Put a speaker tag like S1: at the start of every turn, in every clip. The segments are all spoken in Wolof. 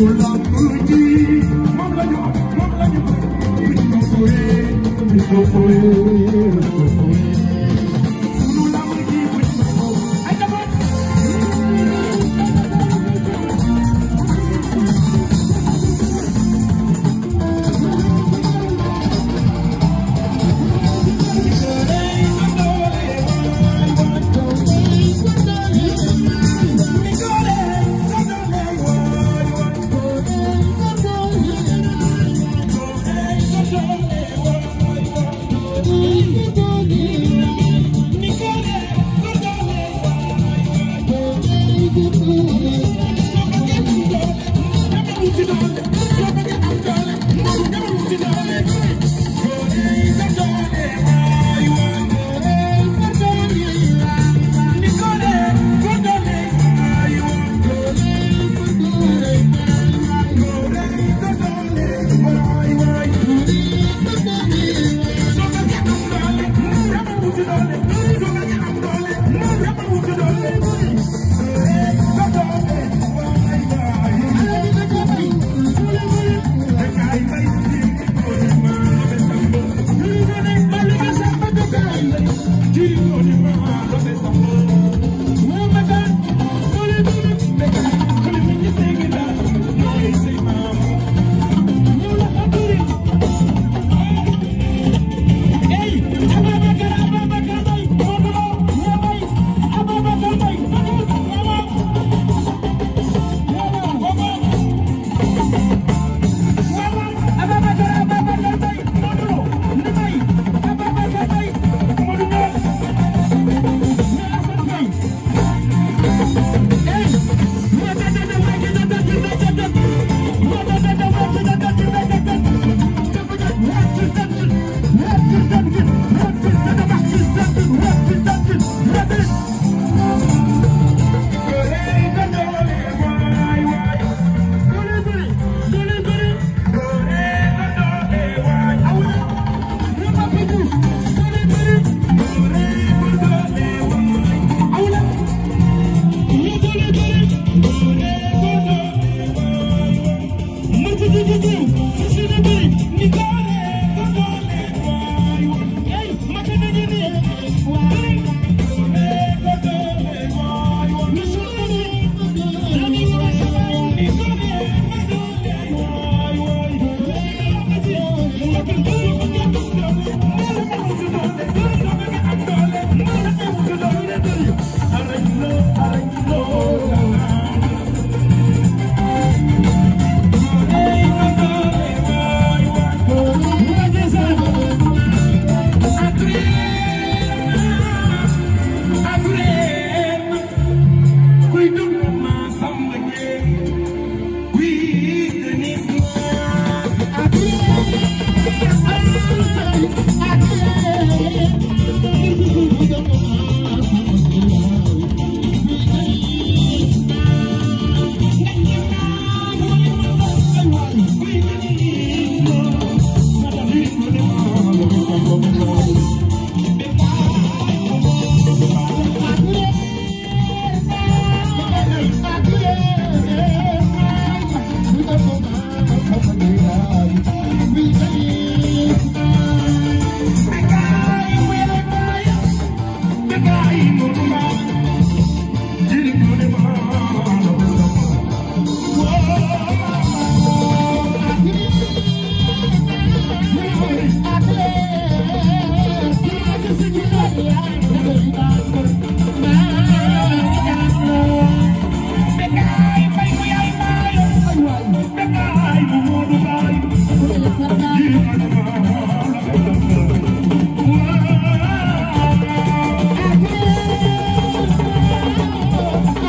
S1: Thank you.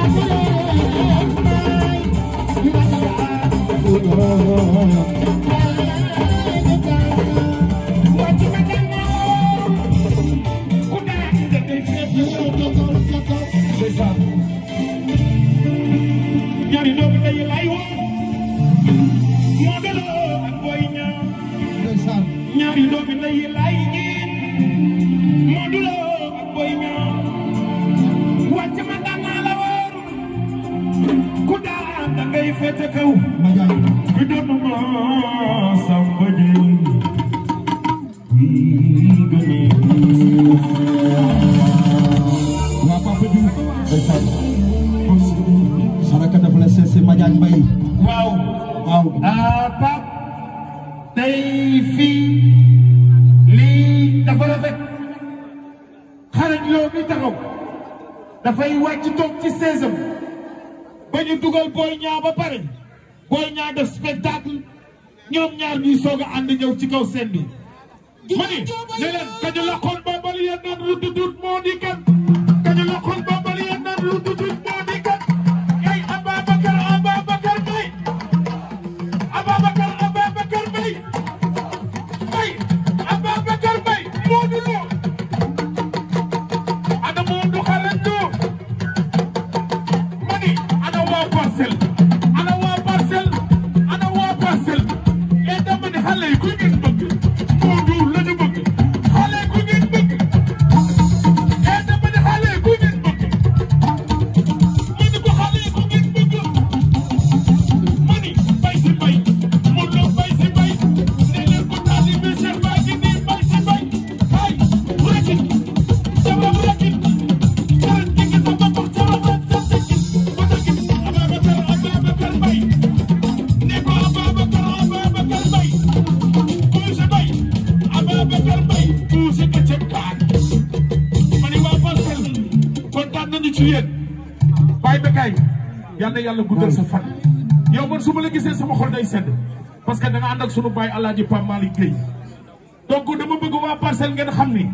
S1: Oh,
S2: di fete kaw bi doon ma samba jëng wii gëne waa Papa Diouf ndeysaan saraka dafa la seesi Madiagne Mbaye ah, lii dafa rafet xarañ loo mi taxaw dafay wàcc toog ci seesam ba ñu dugal Boy Niang ba pare Boy ñaa def spectacle ñoom ñaar ñuy soog a ànd ñëw ci kaw seen bi. ma ni ne leen kañu ba bali yéen naan moo di kan kañu laqoon ba bali yéen naan ci yéen Baye Bécaye yal na yàlla guddal sa fan yow man su la gisee sama xol day sedd parce que da nga ànd ak sunu Baye Alaaji Pape Malick Gueye donc dama bëgg waa parcelle ngeen xam ni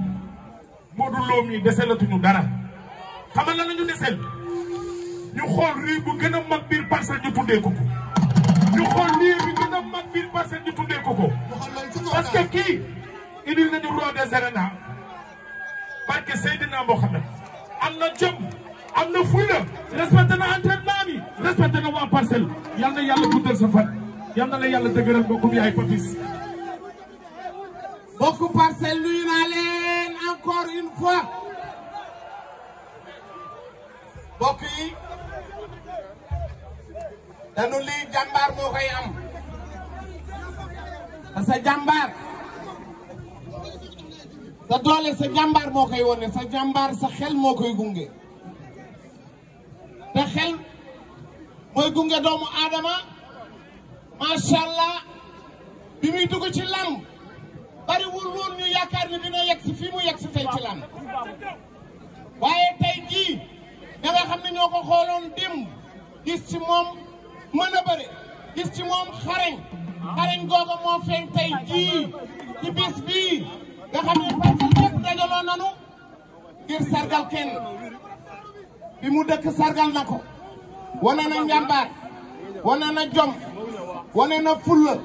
S2: Modou Lo mi dara xamal la nañu desel ñu xool réew bu gën a mag biir parcelle ñu tuddee ko ko ñu xool réew bi gën a mag biir parcelle ñu tuddee ko parce que kii indil nañu roi des arènes barke Seydina Mohamed am na jëm am na fulla respecté na entraînement bi respecté na waa parcelle yal na yàlla guddal sa fan yal na la yàlla dëgëral mbokkum yaay papis
S3: mbokku parcelle nuyu naa leen encore une fois mbokk yi danu lii jàmbaar moo koy am te sa sa doole sa jàmbaar moo koy wone sa jàmbaar sa xel moo koy gunge xel moy gungé doomu aadama macha allah bi muy dugg ci lam bari wul woon ñu yaakaar ni dina yegg si fii mu yegg si tey ci lam waaye tey jii da nga xam ne ñoo ko xooloon démb gis ci moom mën a bëre gis ci moom xarañ xarañ googa moo feeñ tey jii ci bis bii nga xam ne parce que ñëpp dajaloo nanu ngir sargal kenn bi mu dëkk sargal na ko wane na njàmbaar wane na jom wane na fulla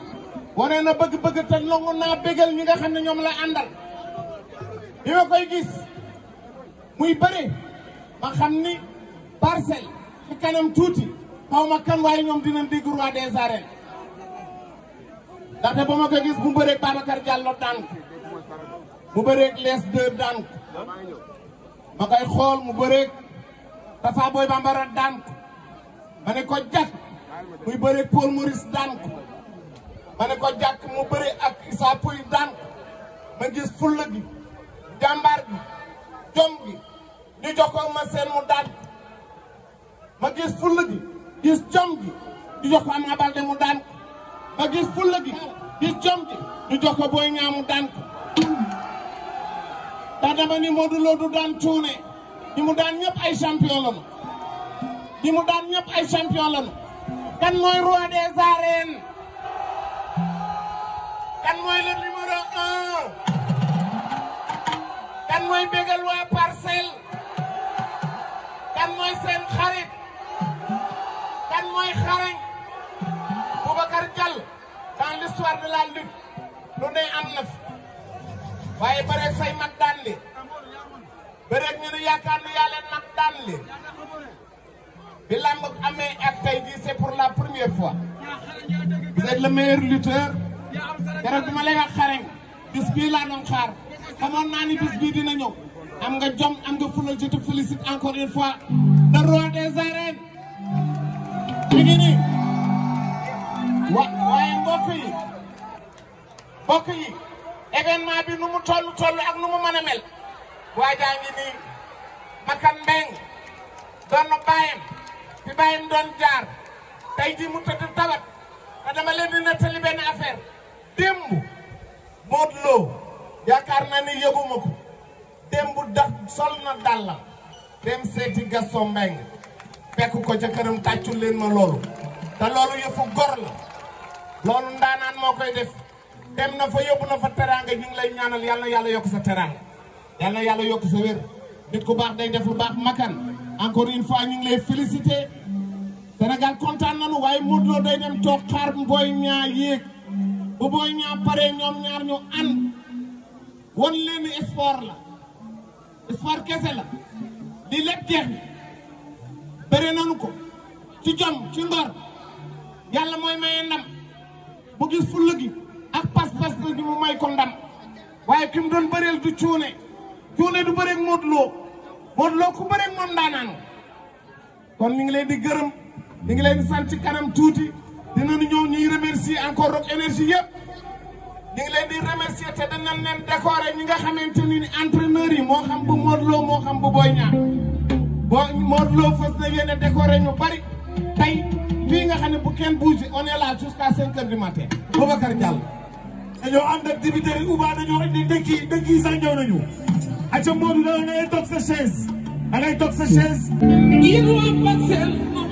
S3: wane na bëgg-bëgg te nangu naa bégal ñi nga xam ne ñoom la àndal bi ma koy gis muy bëre ma xam ni parcelle ci kanam tuuti xaw ma kan waaye ñoom dinañ dégg roi des arènes ndaxte ba ma ko gis mu bëreeg Babacar Diallo daan ko mu bëreeg les deux daan ko ma koy xool mu bëreeg dafa booy bambara daan ko ma ne ko jàkk muy bëre Paul Maurice daan ko ma ko jàkk mu bëre ak Issa Pouy ma gis fulla gi jàmbaar gi jom gi di ma seen mu daan ma gis fulla gi gis jom gi di jox mu daan ma gis fulla gi gis jom gi di jox mu daan ko da dama ni Modou du daan di mu daan ñëpp ay champion lañu di mu daan ñëpp ay champion lañu kan mooy roi des arènes mooy le numéro un kan mooy bégal waa parcelle meilleur lutteur
S2: keroog bi ma lay wax
S3: xarañ laa doon xaar xamoon naa ni bis dina ñëw am nga jom am nga fula je encore une fois le roi des arènes mi ngi nii wa waaye mbokk yi mbokk yi événement bi nu mu toll toll ak nu mu mën a mel waa jaa ngi nii Makan Mbeng doon na bàyyam fi bàyyam jaar tey ji mu tëdd tawat Ah, dama leen di nettali benn affaire démb Modou yaakaar naa ni yëguma ko démb da sol na dàllam dem seeti Gaston Mbengue fekk ko ca këram tàccul leen ma loolu te loolu yëfu gor la loolu ndaanaan moo koy def dem na fa yóbbu na fa teraanga ñu ngi lay ñaanal yal na yàlla yokk sa teraanga yal na yàlla yokk sa wér nit ku baax day def lu baax makan encore une fois ñu ngi lay Sénégal kontaan nañu waaye Modou Lo day dem toog xaar Boy Niang yéeg bu Boy Niang paree ñoom ñaar ñu ànd wan leen la sport kese la di lépp jeex bëre nañu ko ci jom ci ngor yàlla mooy maye ndam bu gis fulla gi ak pas-pas gi mu may ko ndam waaye ki mu doon bëreel du cuune cuune du bëreeg Modou Lo ku bëreeg moom kon ñu ngi leen di gërëm ñu ngi leen sant ci kanam tuuti dinañu ñëw ñuy remercier encore Rock Énergie yëpp. ñu ngi leen di remercier te danañ leen décorer ñi nga xamante ni entraîneurs yi moo xam bu Modou Lo moo xam bu Boy Niang boo Modou fas na yéene décorer ñu bari tey fii nga xam ne bu kenn bouge on est là jusqu'à cinq heures du matin. Boubacar dañoo ànd ak dibiteri Uba dañoo indi dëkk yi dëkk yi sax ñëw nañu.
S2: acca Modou Lo sa chaise. and I don't chance. Give up myself, no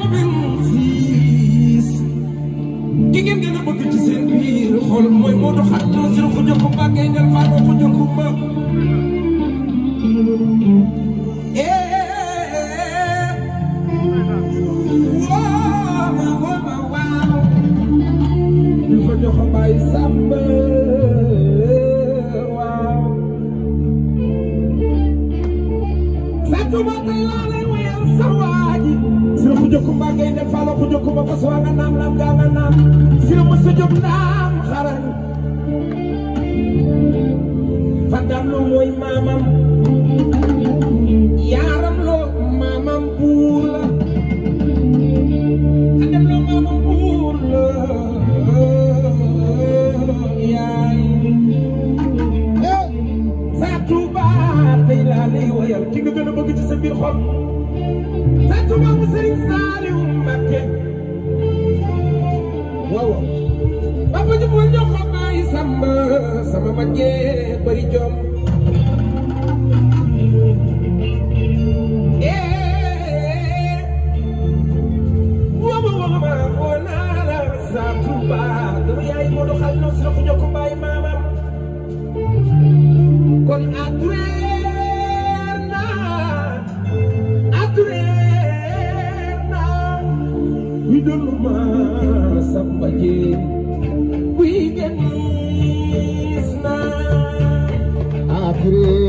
S2: the me, hold my motor, hot and remember रे